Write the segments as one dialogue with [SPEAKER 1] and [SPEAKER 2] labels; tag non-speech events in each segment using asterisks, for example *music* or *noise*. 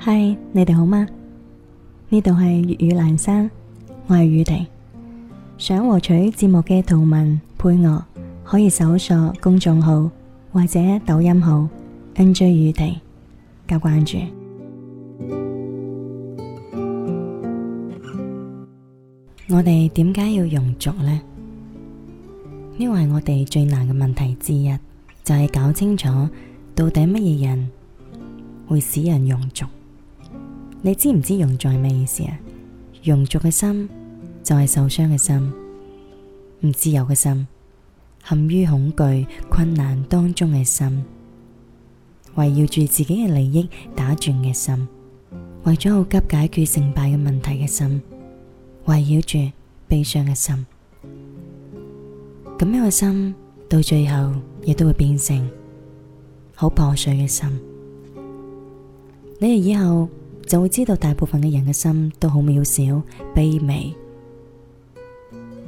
[SPEAKER 1] .嗨，Hi, 你哋好嗎？呢度係粵語闌珊，我係宇婷。想獲取節目嘅圖文配樂，可以搜索公眾號或者抖音號 NJ 宇婷加關注。 *noise* *noise* 我哋點解要庸俗呢？呢個係我哋最難嘅問題之一，就係、是、搞清楚到底乜嘢人會使人庸俗。你知唔知庸俗咩意思啊？庸俗嘅心就係受傷嘅心，唔自由嘅心，陷於恐懼困難當中嘅心，圍繞住自己嘅利益打轉嘅心，為咗好急解決成敗嘅問題嘅心，圍繞住悲傷嘅心，咁樣嘅心到最後亦都會變成好破碎嘅心。你哋以後。就會知道大部分嘅人嘅心都好渺小、卑微。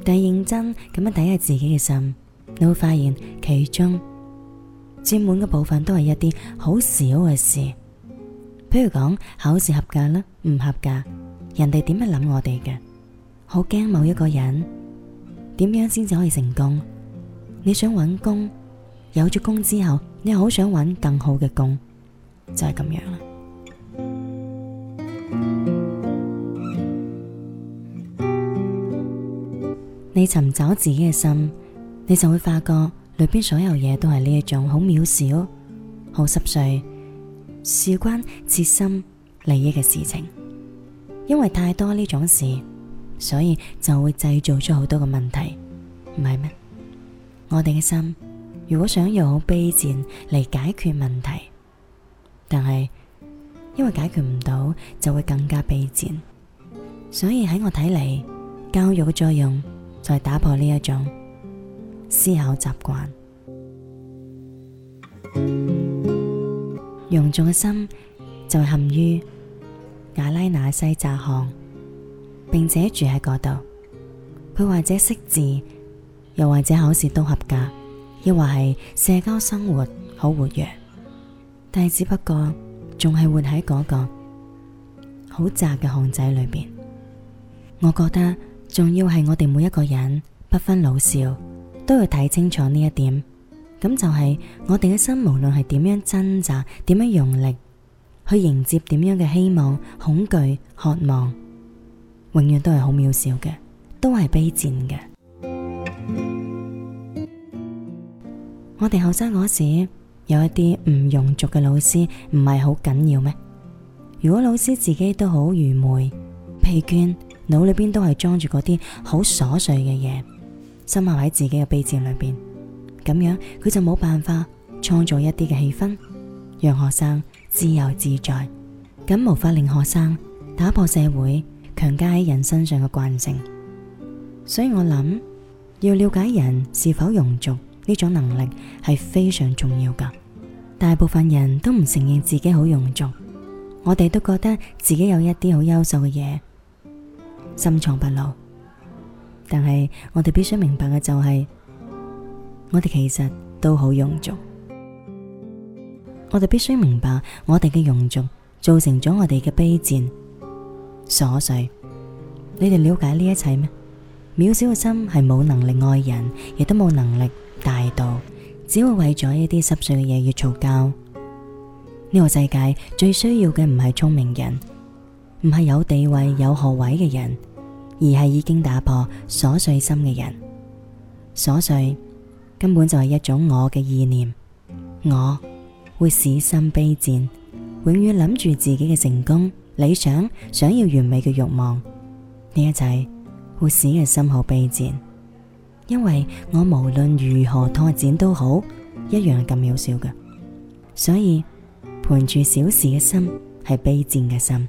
[SPEAKER 1] 但係認真咁樣睇下自己嘅心，你會發現其中佔滿嘅部分都係一啲好少嘅事，譬如講考試合格啦，唔合格，人哋點樣諗我哋嘅，好驚某一個人，點樣先至可以成功。你想搵工，有咗工之後，你又好想搵更好嘅工，就係咁樣啦。你尋找自己嘅心，你就會發覺裏邊所有嘢都係呢一種好渺小、好濕碎、事關切身利益嘅事情。因為太多呢種事，所以就會製造出好多嘅問題，唔係咩？我哋嘅心如果想用好卑賤嚟解決問題，但係因為解決唔到，就會更加卑賤。所以喺我睇嚟，教育嘅作用。在打破呢一種思考習慣，庸俗嘅心就陷於瓦拉那西窄巷，並且住喺嗰度。佢或者識字，又或者考試都合格，又或係社交生活好活躍，但係只不過仲係活喺嗰個好窄嘅巷仔裏邊。我覺得。仲要係我哋每一個人，不分老少，都要睇清楚呢一點。咁就係、是、我哋嘅心，無論係點樣掙扎，點樣用力去迎接，點樣嘅希望、恐懼、渴望，永遠都係好渺小嘅，都係卑賤嘅。 *music* 我哋後生嗰時有一啲唔庸俗嘅老師，唔係好緊要咩？如果老師自己都好愚昧、疲倦。腦裏邊都係裝住嗰啲好瑣碎嘅嘢，深陷喺自己嘅卑賤裏邊，咁樣佢就冇辦法創造一啲嘅氣氛，讓學生自由自在，咁無法令學生打破社會強加喺人身上嘅慣性。所以我諗，要了解人是否庸俗呢種能力係非常重要噶。大部分人都唔承認自己好庸俗，我哋都覺得自己有一啲好優秀嘅嘢。深藏不露，但係我哋必須明白嘅就係、是，我哋其實都好庸俗。我哋必須明白我，我哋嘅庸俗造成咗我哋嘅卑賤瑣碎。你哋了解呢一切咩？渺小嘅心係冇能力愛人，亦都冇能力大度，只會為咗一啲濕碎嘅嘢要嘈交。呢、這個世界最需要嘅唔係聰明人。唔係有地位、有學位嘅人，而係已經打破瑣碎心嘅人。瑣碎根本就係一種我嘅意念，我會使心卑賤，永遠諗住自己嘅成功、理想、想要完美嘅慾望。呢一切會使嘅心好卑賤，因為我無論如何拓展都好，一樣係咁渺小嘅。所以盤住小事嘅心係卑賤嘅心。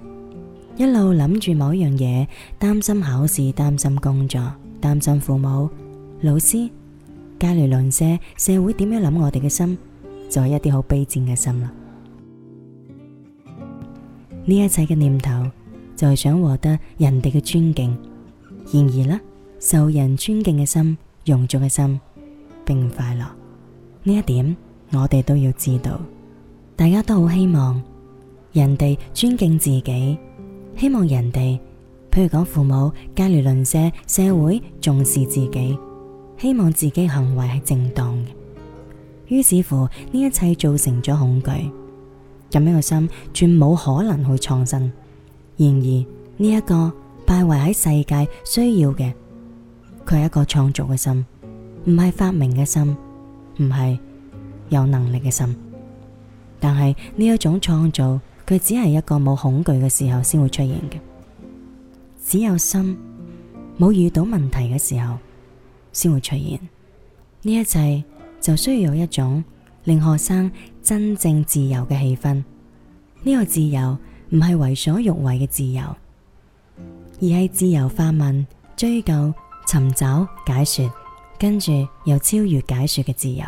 [SPEAKER 1] 一路諗住某一樣嘢，擔心考試，擔心工作，擔心父母、老師，隔離鄰舍，社會點樣諗我哋嘅心，就係、是、一啲好卑賤嘅心啦。呢一切嘅念頭就係想獲得人哋嘅尊敬。然而咧，受人尊敬嘅心，庸俗嘅心，並唔快樂。呢一點我哋都要知道。大家都好希望人哋尊敬自己。希望人哋，譬如講父母、隔籬鄰舍、社會重視自己，希望自己行為係正當嘅。於是乎，呢一切造成咗恐懼，咁樣個心，全冇可能去創新。然而呢、這、一個敗壞嘅世界需要嘅，佢係一個創造嘅心，唔係發明嘅心，唔係有能力嘅心。但係呢一種創造。佢只係一個冇恐懼嘅時候先會出現嘅，只有心冇遇到問題嘅時候先會出現。呢一切就需要有一種令學生真正自由嘅氣氛。呢個自由唔係為所欲為嘅自由，而係自由發問、追究、尋找、解說，跟住又超越解說嘅自由。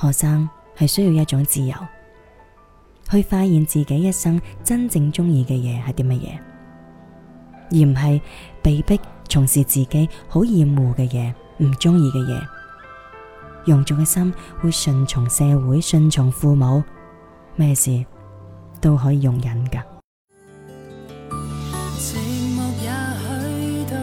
[SPEAKER 1] 學生係需要一種自由。去發現自己一生真正中意嘅嘢係啲乜嘢，而唔係被迫從事自己好厭惡嘅嘢、唔中意嘅嘢。庸俗嘅心會順從社會、順從父母，咩事都可以容忍噶。
[SPEAKER 2] 寂寞也許都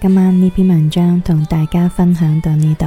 [SPEAKER 2] 今晚
[SPEAKER 1] 呢篇文章同大家分享到呢度。